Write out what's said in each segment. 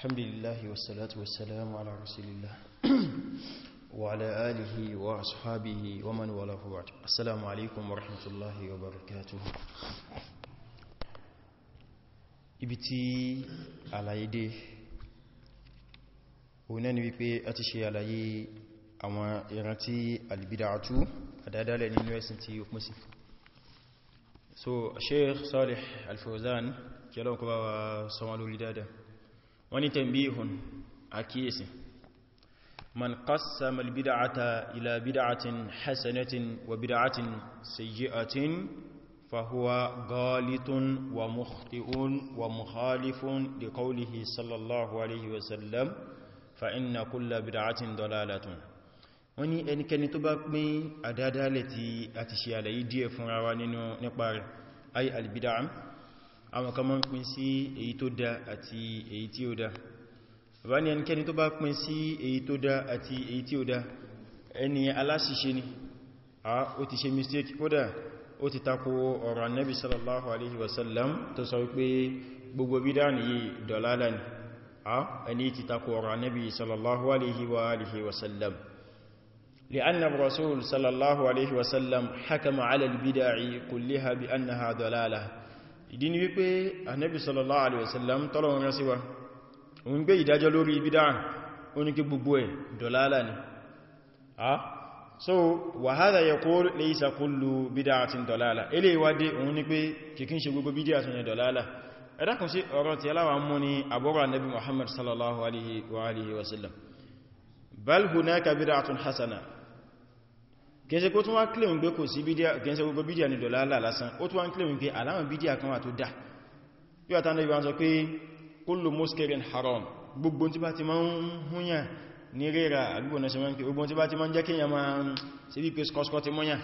الحمد لله والصلاة والسلام على رسول الله وعلى آله وأصحابه ومن وله بعد السلام عليكم ورحمة الله وبركاته ibiti àlàyé dé òun náà ni wípé a ti ṣe àlàyé àwọn ìran tí albida'atu àdádálẹ̀ nínú so Sheikh Salih Al Fawzan kí ọlọ́nkọ́ bá wa sanwó lórí wọ́n ní tambihun àkíyèsí man qassama albid'ata ila bid'atin hasanatin wa bid'atin sayyi'atin fahuwa ghalitun wa mukhti'un wa mukhalifun li qawlihi sallallahu alayhi wa sallam fa inna kulla bid'atin dalalatun wọ́n ní ẹnikẹni tó bá pín àdádálẹ̀ tí a ti ṣe àlàyé díẹ̀ fún ara nínú nípa rẹ̀ ay albid'a àwọn kan mọ́ ń pín sí èyí tó dá àti èyí tí ó dá bá ní ẹnikẹ́ni tó bá pín sí èyí tó dá àti èyí tí ó dá ẹni aláṣìṣe ni a ó ti ṣe mistake kódà ó ti tako ọ̀rọ̀ annabi sallallahu alaihi wasallam tó sọ wípé gbogbo bídá ni yí dọ̀lálà ni a ẹni ti tako ọ̀rọ̀ annabi sallallahu alaihi wa alihi wasallam لأن الرسول صلى الله عليه وسلم حكم على البدع كلها بأنها ضلالة ìdí ni wípé anẹ́bì sallallahu alaihi wasallam tọ́lọ̀wọ́n rán sí wa òun gbé ìdájọ́ lórí bídá ó ní kí gbogbo ẹ̀ dọ̀lálà ni ha so wa hadha yaqul laysa kullu bid'atin dọ̀lálà ilé ìwádé òun ni pé kìkín ṣe gbogbo bídá tún yẹ dọ̀lálà ẹ̀dàkùn sí ọ̀rọ̀ tí aláwà mú ni àbúrò gẹ́sẹ̀ kó tún wá claim pé kò sí bídíà gẹ́sẹ̀ gbogbo bídíà ní dọ̀lá lásán ó tún wá claim pé aláwọn bídíà kan wà tó dá yóò àtàndà ìwọ̀n sọ pé kullu muskirin haram gbogbo tí bá ti máa ń húnyà ní rírà àgbò náà sọmọ́ pé gbogbo tí bá ti máa ń jẹ́ kí yẹn máa sí bí pé skọ́skọ́ ti mọ́yà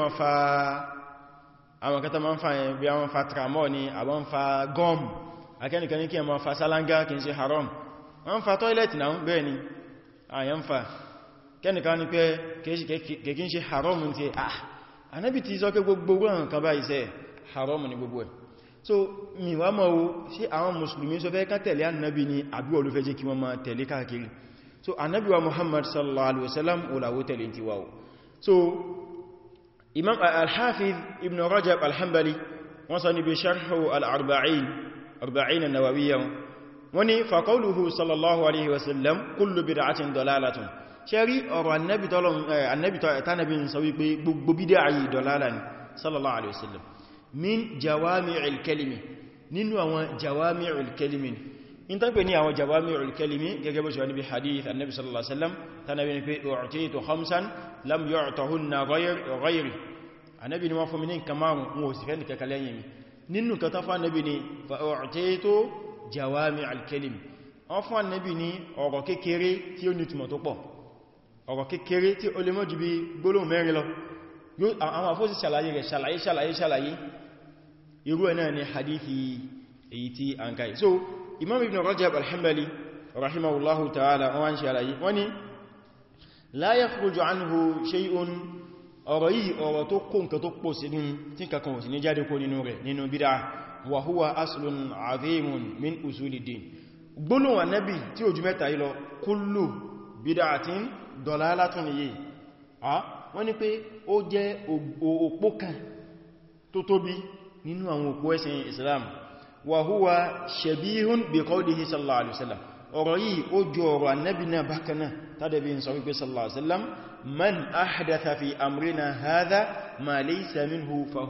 tí fa àwọn kẹta ma ń fa ẹ̀ àwọn fa tramọ́ ni àwọn fa gum akẹ́nìkan ní kí ẹmọ fa sálángá kìí ṣe haram wọ́n fa tọ́ílẹ̀tì náà bẹ́ẹ̀ ni àyàn fa kẹ́nìkan ní pé kìí ṣe haram ti ah anábi ti sọ pé gbogbo àwọn kan bá iṣẹ́ so mi wá mọ́ o ṣe àwọn mùsùlùmí sọ fẹ́ ká tẹ̀lé annabi ni so annabi muhammad sallallahu alaihi wasallam olawo tẹ̀lé so imam al-hafiz ibn rajab al-hanbali wọ́n sọ níbi sharhu al-arba'in arba'in an-nawawiyya wọ́n ní fa qawluhu sallallahu alaihi wasallam kullu bid'atin dalalatun ṣẹ́rí ọ̀rọ̀ annabi tánàbí eh, sọ wípé gbogbo bídá ayé dọ̀lálà ni sallallahu alaihi wasallam min jawami'il kalimi nínú àwọn jawami'il kalimi in ta pe ni àwọn jawami'ul kalimi gẹ́gẹ́ bó ṣe wà níbi hadith annabi sallallahu alaihi wasallam tana bi ni pe u'titu khamsan lam yu'tahunna ghayri annabi ni wọ́n fún mi ní nǹkan márùn ún ó sì fẹ́ nìkan kalẹ̀ yìí nínú kan tán fún annabi ni fa u'titu jawami'ul kalimi wọ́n fún annabi ni ọ̀rọ̀ kékeré tí ó ní túmọ̀ tó pọ̀ ọ̀rọ̀ kékeré tí ó lè mọ́ ju bí gbólóhùn mẹ́rin lọ àwọn àfóòsì ṣàlàyé rẹ̀ ṣàlàyé ṣàlàyé ṣàlàyé irú ẹ̀ náà ni hadithi èyí tí a ń so imam ibn rajab al-hanbali rahimahullahu ta'ala wọ́n ń ṣe àlàyé wọ́n ni la yakhruju anhu shay'un ọ̀rọ̀ yìí ọ̀rọ̀ tó kó nǹkan tó pọ̀ sí ní tí kankan sí ní jáde kó nínú rẹ̀ nínú bídá wa huwa aslun azimun min usulid-din gbólóhùn annabi tí ojú mẹ́ta yìí lọ kullu bídáàtín dọ̀lálátún yìí wọ́n ni pé ó jẹ́ òpó kan tó tóbi nínú àwọn òpó ẹ̀sìn islam wa huwa shabihun bi qawlihi sallallahu alaihi wasallam ọ̀rọ̀ yìí ó jọ ọ̀rọ̀ annabi náà bákanáà tàbí ń sọ wípé sallallahu alaihi wasallam man ahdatha fi amrina hadha ma laysa minhu fa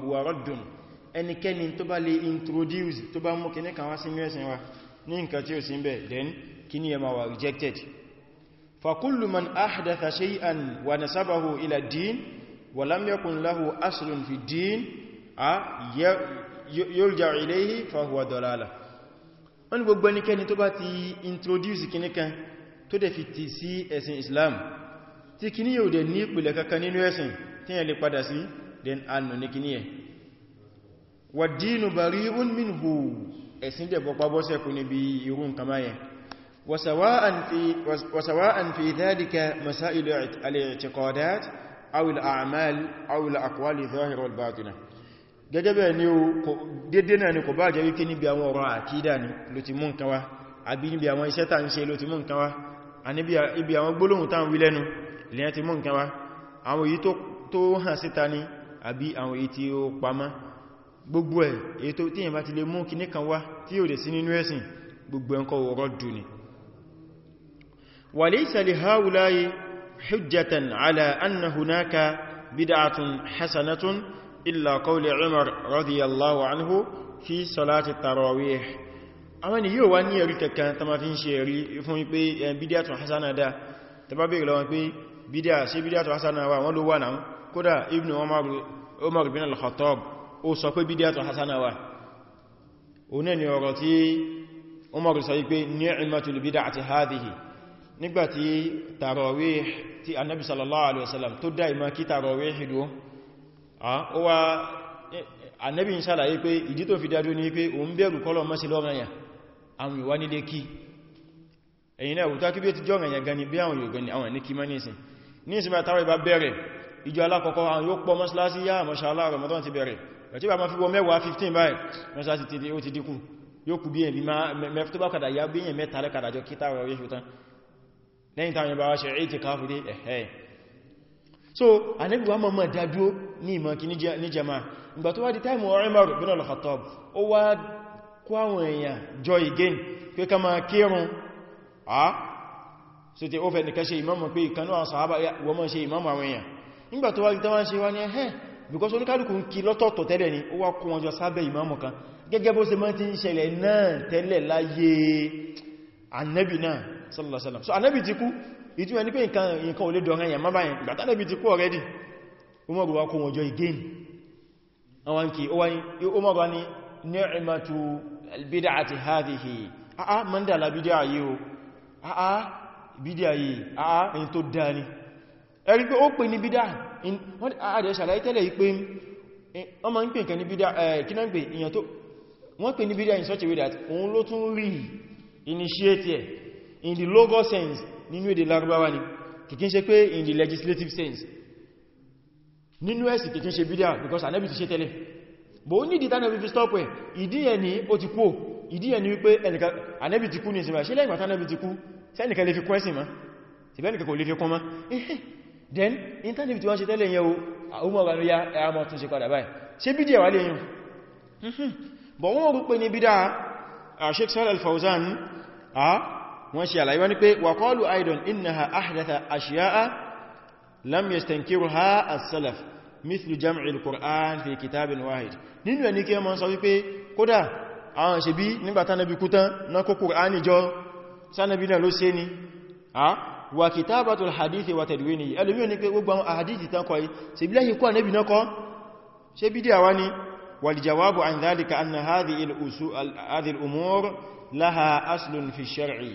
tó bá lè introduce tó bá mú kìní kan wá sí mẹ́sìn wa ní nǹkan tí ó sì ń bẹ̀ then kìní yẹ ma wà rejected fa kullu man ahdatha shay'an wa nasabahu ila din wa lam yakun lahu aslun fi din yurja ilayhi fa huwa dalala wọ́n ní gbogbo ẹnikẹ́ni tó bá ti introduce kìní kan tó dẹ̀ fi tì sí ẹ̀sìn Islam tí kìní yóò dẹ̀ ní ìpìlẹ̀ kankan nínú ẹ̀sìn tí yẹn lè padà sí den annu ní kìní ẹ̀ wà dínú bari'un minhu ẹ̀sìn dẹ̀ bọ́pá bọ́sẹ̀ kú níbi irú nǹkan gẹ́gẹ́ bẹ́ẹ̀ ni o dédé náà ni kò bá jẹ́ wípé níbi àwọn ọ̀rọ̀ àkídà ni ló ti mú nǹkan wá àbí níbi àwọn iṣẹ́ tàà ń ṣe ló ti mú nǹkan wá àníbi àwọn gbólóhùn tàà ń wí lẹ́nu lẹ́yìn ti mú nǹkan wá àwọn èyí tó hàn síta ni àbí àwọn èyí tí ó pamọ́ gbogbo ẹ̀ illa qawli Umar radiyallahu anhu fi salati tarawih àwọn ni yíò wá ní ẹ̀rí kankan tó ma fi ń ṣe ẹ̀rí fún pé bídíàtù hasana dá tó bá bèèrè lọ́wọ́n pé bídíà sí bídíàtù hasana wà wọ́n ló wà náà kódà Ibn Umar bin al-Khattab ó sọ pé bídíàtù hasana wà oní ni ọ̀rọ̀ tí Umar sọ pé ni'matul bid'ati hadhihi nígbàtí tarawih tí annabi sallallahu alaihi wasallam tó dá ìmá kí tarawih dùn Ah, ó wá anẹ́bí eh, eh, ń ṣàlàyé pé ìdí tó fi dájú ní pé òun bẹ̀rù kọ́lọ̀ mọ́sí lọ́ranyà àwọn ìwá nílé kí ẹ̀yìn náà wùtá kí bí ti jọ rẹ̀yà gani bí àwọn yóò àwọn ní kí mọ́ ní ìsìn ní ìsinmi àtàwà ìbá bẹ̀rẹ̀ ìjọ alákọ̀ọ́kọ́ àwọn yóò pọ̀ mọ́sílásí yá mọ́ṣálá Ramadan ti bẹ̀rẹ̀ ẹ̀tí bá ma fi wọ mẹ́wàá 15 báyìí mọ́sílásí ti ó ti dínkù yóò kù bí ẹ̀bí mẹ́fẹ́ bá kàdà rẹ̀ bá wá so Ànábì wa mama daduo ní ìmọ̀ kí ní jama ìgbà tó wá di táìmù Umar bin al-Khattab ó wá kó àwọn èèyàn jọ again pé ká máa kírun a so tí ó fẹ́ nìkan ṣe ìmáàmù pé ìkanú àwọn sàhábà wọ́n máa ṣe ìmáàmù àwọn èèyàn nígbà tó wá di táwọn ṣe wá ní ẹ̀hẹ́ because oníkálùkù ń kí lọ́tọ̀ọ̀tọ̀ tẹ́lẹ̀ ni ó wá kó wọn jọ sábẹ́ ìmáàmù kan gẹ́gẹ́ bó ṣe máa ti ń ṣẹlẹ̀ náà tẹ́lẹ̀ láyé Ànábì sallallahu alaihi wasallam so anabi ti kú ìtúwẹ́ ní pé nǹkan ò lè dọ̀rọ̀ ẹ̀yàn mábáyìn ìgbàtánẹ́bí ti kú ọ̀rẹ́dì umaru wa kó wọjọ́ igéni àwọn kí umaru wa ni ni'matu albid'ati hadhihi a'a mandala bid'a yi o a'a bid'a yi a'a in tó dá ní ẹ̀rí pé ó pè ní bid'a wọ́n àdẹ̀ ṣàlàyé tẹ́lẹ̀ pé wọ́n ma ń pè nǹkan ní bid'a kí náà pè in such a way that òun initiate in the logo sense nínú èdè Lárúbáwá ni kìkín ṣe pé in the legislative sense nínú ẹ̀sì kìkín ṣe bídíà because anẹ́bì ti ṣe tẹ́lẹ̀ bó ní ìdí tánẹ́bì fi stop ẹ̀ ìdí ẹ̀ ní ó ti kú ìdí ẹ̀ ní wípé anẹ́bì ti kú ní ìsinmi ṣe lẹ́gbàtà ti kú ma tìbẹ́nìkà kò lè then intanẹ́bì ti wọ́n ṣe tẹ́lẹ̀ yẹn o ya ẹ̀yàmọ̀ tún ṣe padà báyìí ṣe bídíà wà lè yìn bọ̀ wọ́n rú pé wọ́n ṣe àlàyé wọ́n ní pé wàkọ́lù aidan innaha ahdatha ashiya'a lam yastankiruha as-salaf mithlu jam'i al-qur'an fi kitabin wahid nínú ẹni kí wọ́n sọ wípé kódà àwọn ṣe bí nígbàtá nabi kú tán na kó qur'ani jọ sanabi náà ló ṣe ni wa kitabatul hadithi wa tadwini ẹlòmí ní pé gbogbo àwọn hadithi tán kọ́ yìí ṣe bí lẹ́yìn kọ́ nabi náà kọ́ ṣe bí díà wá ni wal jawabu an dhalika anna hadhihi al-umur laha aslun fi shar'i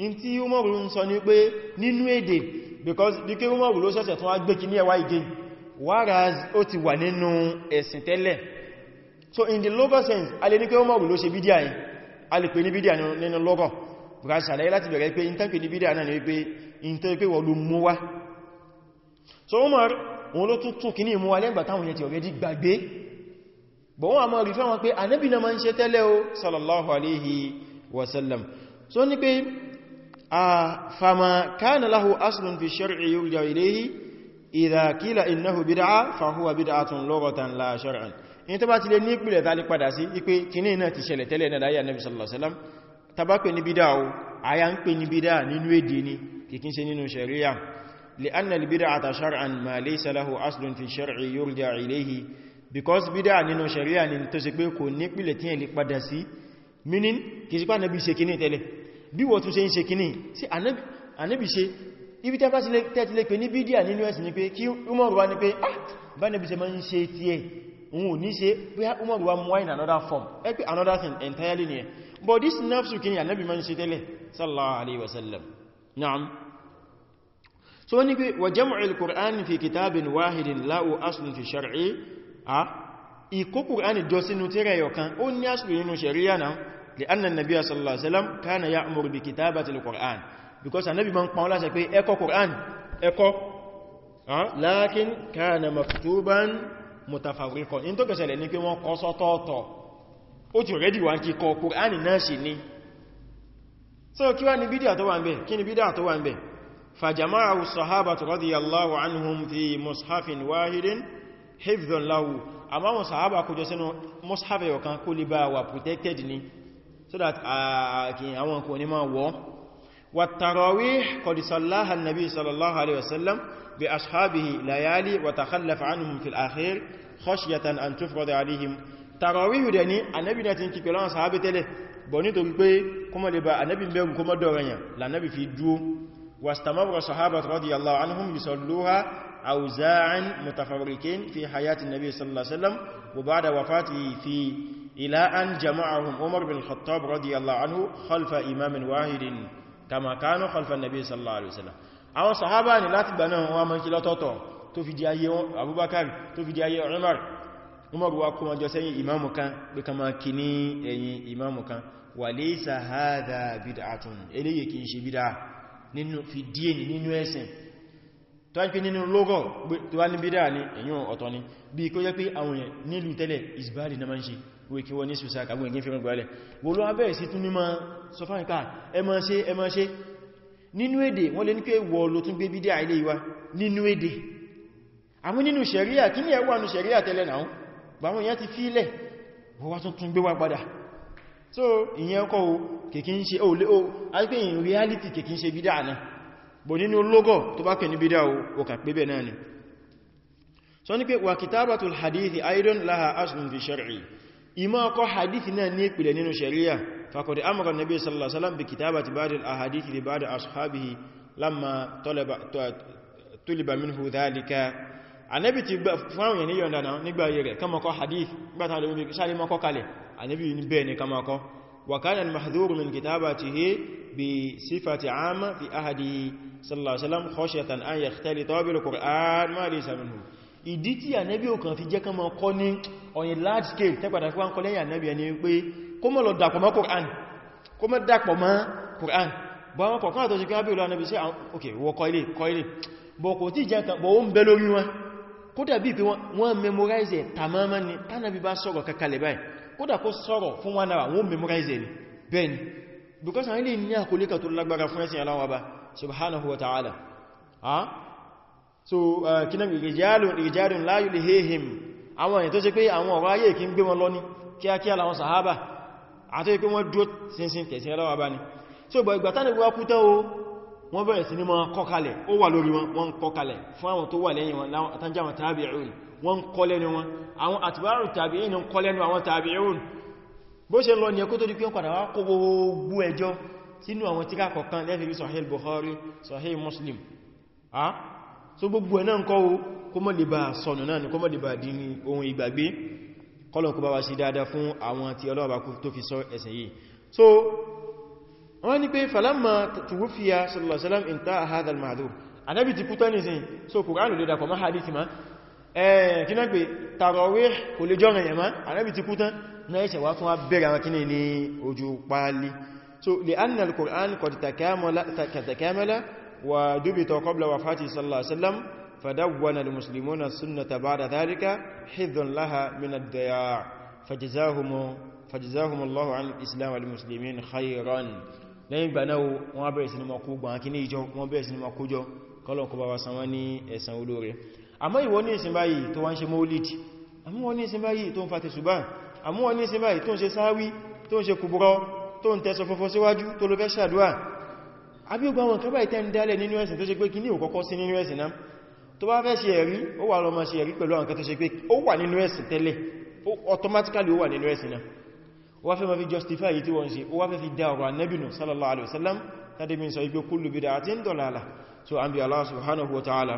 in tí umaru ń sọ ní pé nínú èdè because bí kí umaru ló ṣẹ̀ṣẹ̀ tún wá gbé kí ní ẹwà igé whereas ó ti wà nínú ẹ̀sìn tẹ́lẹ̀ so in the local sense a lè ní pé umaru ló ṣe bídíà yìí a lè pè ní bídíà nínú lọ́gọ̀ because ṣàlàyé láti in tán pè ní bídíà náà ni in tó pé wọ́n so umar wọn ló tún tún kíní ìmúwa lẹ́gbà táwọn yẹn ti already gbàgbé bọ̀ wọ́n a sallallahu alaihi wasallam so ní pé فما كان له أصل في الشرع يرجع إليه إذا قيل إنه بدعة فهو بدعة لغة لا شرعا in tó bá ti lè ní ìpìlẹ̀ tàbí padà sí ipé kìíní náà ti ṣẹlẹ̀ tẹ́lẹ̀ náà láyé Nabi sallallahu alaihi wasallam tàbá pè ní bídá o àyà ń pè ní bídá nínú èdè ní kìkín ṣe nínú sharia li'anna al-bid'ata shar'an ma laysa lahu aslun fi shar'i yurja' ilayhi because bídá nínú sharia ni tó ṣe pé kò ní ìpìlẹ̀ tí ẹ̀ lè padà sí meaning kìí sí Nabi ṣe kìíní tẹ́lẹ̀ bí wọ́n tún ṣe ń ṣe kíní sí ànábì ṣe ibi tẹ́tílé pé ní bídíà nínú ẹ̀sìn ni pé kí umaru wá ní pé ah bá nẹ́bí ṣe máa ń ṣe tí ẹ̀ òun ò ní ṣe pé umaru wá mú in another form ẹ pé another thing entirely ni ẹ but this nafsu kí ni ànábì máa ń ṣe tẹ́lẹ̀ sallallahu alaihi wasallam na'am so wani pé wa jam'ul qur'an fi kitabin wahidin la'u aslun fi shar'i a ah, ìkó qur'an jọ sínú tírà yọ̀kan ó ní لأن النبي صلى الله عليه وسلم كان يأمر بكتابة القرآن because النبي من قال لك اقرأ قرآن اقرأ لكن كان مكتوبا متفرقا in tó kẹsẹ̀lẹ̀ ní pé wọ́n kọ sọ́tọ̀ọ̀tọ̀ ó ti rẹ́dì wá kíkọ Kùránì náà sì ní so kí wá ní bídíà tó wà ń bẹ̀ kí ni bídíà tó wà ń bẹ̀ فجمعه الصحابة رضي الله عنهم في مصحف واحد حفظا له àmáwọn sàhábà kójọ sínú mọ́sáfẹ́ ọ̀kan kó lè bá wà protected ni so that uh, uh, àwọn kò ní máa wọ́ wa tarawih qad sallaha an-nabi sallallahu alaihi wasallam bi ashabihi layali wa takhallafa anhum fil akhir khashyatan an tufrada alaihim tarawih de ni anabi na tin ki pẹ̀lú àwọn sahabe tẹ́lẹ̀ bo ni to pe ko ba anabi be ko mo do reyan la anabi fi duo wastamara sahaba radiyallahu anhum yusalluha awza'an fi hayati nabi sallallahu alaihi wasallam wa ba'da wafatihi fi إلى أن جمعهم عمر بن الخطاب رضي الله عنه خلف إمام واحد كما كانوا خلف النبي صلى الله عليه وسلم àwọn sàhábà ní láti gbà náà wọ́n mọ́kí lọ́tọ̀ọ̀tọ̀ tó fi di ayé Abubakar tó fi di ayé Umar Umar wá kó wọn jọ sẹ́yìn imamu kan pé kama kì ní ẹ̀yìn imamu kan wa laysa hadha bid'atun eléyè kì í ṣe bídá fi díẹ̀ nínú ẹ̀sìn tó ń pè nínú lógọ́ tó wá ní bídá ní ẹ̀yìn ọ̀tọ̀ ni bí kó jẹ́ pé àwọn èèyàn nílùú tẹ́lẹ̀ isbali na máa wé kí wọ́n ní ṣùsá àgbọn ìgbín fíìmù gbọ́lẹ̀ wọ́n ló abẹ́ ìsí tún ní ma sọ fáwọn ká ẹmọ ṣe ẹmọ ṣe nínú èdè wọ́n lè ní pé wọ́ ló tún gbé bídíà ilé ìwá nínú èdè àmú nínú ṣẹ̀ríà kí ní ẹwà nínú so ni so ní kitabatul hadithi aidan laha aslun fi shar'i ìmọ̀ ọkọ̀ hadithi náà ní ìpìlẹ̀ nínú sharia fakọ̀dẹ̀ amara nabi sallallahu alaihi wasallam bi kitabati ba'd al-ahadith li ba'd ashabihi lamma talaba tuliba minhu dhalika anabi ti gba fún àwọn ènìyàn yọ̀ǹda náà nígbà ayé rẹ̀ kama kọ hadith nígbà tàbí omi sáré mọ́kọ́ kalẹ̀ anabi ni bẹ́ẹ̀ ni kama wa kana al-mahdhuru min kitabatihi bi sifati amma fi ahadihi sallallahu alaihi wasallam khashyatan an yakhtali bil qur'an ma laysa minhu ìdí tí ànẹ́bí ò kàn fi jẹ́ kán mọ́ kọ́ ní ọ̀yìn large scale tẹ́pàdà fún wọn kọ́ lẹ́yìn ànẹ́bí ẹni pé kó mọ́ lọ dàpọ̀ mọ́ Qur'an kó mọ́ dàpọ̀ mọ́ Qur'an bọ́ wọn kọ̀kan àtọ́jú kí wọ́n bí olú ànẹ́bí sí ok wọ kọ́ ilé kọ́ ilé bọ̀ kò tí jẹ́ kan bọ̀ ó ń bẹ lórí wọn kódà bí pé wọ́n memorize tamama ni tánàbí bá sọ̀rọ̀ kakalẹ̀ báyìí kódà kó sọ̀rọ̀ fún wọn náà wọ́n memorize ni bẹ́ẹ̀ ni because àwọn ilé ní àkólé kan tó lágbára fún ẹ̀sìn aláwọ̀ bá subhanahu wa ta'ala so kina ìrìjálùn láyù lè hehim àwọn èyí tó ṣe pé àwọn ọ̀rọ̀ ayé kí ń gbé kia lọ ní kíákíá láwọn sàhábà àti pé wọ́n dúró sínsín tẹ̀sí ẹlọ́wà bá ní so bọ̀ ìgbà tánà ìwà kútẹ́ o wọ́n bẹ̀rẹ̀ sí ní wọ́n kọkalẹ̀ ó wà lórí wọn wọ́n kọkalẹ̀ fún àwọn tó wà lẹ́yìn wọn àtàjáwọn tàbí'un ni kọ lẹ́nu wọn àwọn àtìbárù tàbí'in ń ni lẹ́nu àwọn tàbí'un bó ṣe lọ ní ẹkú tó di pé padà wá kó gbogbo ẹjọ́ sínú àwọn tíkà kọ̀kan lẹ́fẹ̀ẹ́ Sahih Bukhari Sahih Muslim so gbogbo ẹ̀ náà ń kọ́ o kó mọ́ lè bá sọnù náà ni kó mọ́ lè bá dín ohun ìgbàgbé kọ́lọ̀ kó bá wa sí dáadáa fún àwọn tí ọlọ́ọ̀bá kú tó fi sọ ẹ̀sẹ̀ yìí so wọ́n ní pé falamma tuwufiya sallallahu alaihi wasallam inta hadha al-ma'dhur anabi ti kúta nìsìn so kùránù lè dàpọ̀ máa hadith ma ẹ̀ẹ̀ kí ودبت قبل وفاته صلى الله عليه وسلم فدون المسلمون السنة بعد ذلك حذ لها من الضياع فجزاهم, فجزاهم الله عن الإسلام والمسلمين خيرا lẹ́yìn ìgbà náà wọ́n bẹ̀rẹ̀ sí ni mọ̀kú gbọ́n kí ní ìjọ wọ́n bẹ̀rẹ̀ sí ni mọ̀kú jọ kọlọ̀kọ́ bá wa san wọ́n ní ẹ̀san olóre àmọ́ ìwọ ní ìsìn báyìí tó wá ń ṣe mọ́lìd àmọ́ wọ́n ní ìsìn báyìí tó ń fa tẹ̀sùbá àmọ́ wọ́n ní ìsìn báyìí tó ń ṣe sáwí tó ń ṣe kùbúrọ tó ń tẹsọ fọfọ síwájú tó lọ fẹ́ ṣàdúà àbí ó gba wọn kan báyìí tẹ́ ń dálẹ̀ nínú ẹ̀sìn tó ṣe pé kí ní òkọ́kọ́ sí nínú ẹ̀sìn náà tó bá fẹ́ ṣe ẹ̀rí ó wà lọ ma ṣe ẹ̀rí pẹ̀lú àǹkan tó ṣe pé ó wà nínú ẹ̀sìn tẹ́lẹ̀ ó justify yìí tí wọ́n ṣe ó wá sallallahu alaihi wasallam tàbí mi sọ igbe kullu so an bi Allah subhanahu wa ta'ala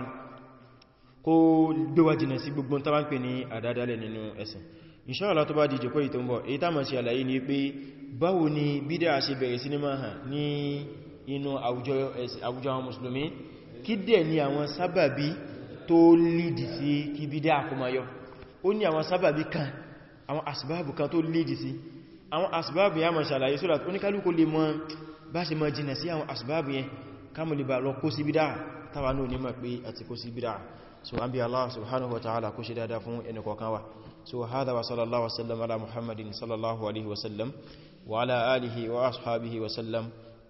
kó gbé wa jìnà sí gbogbo ta bá ń pè ní àdádálẹ̀ nínú ẹ̀sìn insha Allah tó bá di ìjẹ́kọ́ ìtò ń bọ̀ èyí tá ma ṣe ni pé báwo ni bídá ṣe bẹ̀rẹ̀ sinimá ní inú àwùjọ àwọn mùsùlùmí kí dẹ̀ ni àwọn sábàbí tó lìdì sí kí bídá àkọmayọ ó ní àwọn sábàbí kan àwọn asbábù kan tó lìdì sí àwọn asbábù ya mọ̀ ṣàlàyé sólà tó níkálùkù lè mọ̀ bá ṣe mọ̀ jìnà sí àwọn asbábù yẹn kámù lè bá lọ kó sí bídá tàwà náà ní mọ̀ pé àti kó sí bídá so an bí Allah subhanahu wa ta'ala kó ṣe dáadáa fún ẹni kọ̀ọ̀kan wa so hada wa sallallahu wa sallam ala muhammadin sallallahu alaihi wa sallam wa ala alihi wa ashabihi wa sallam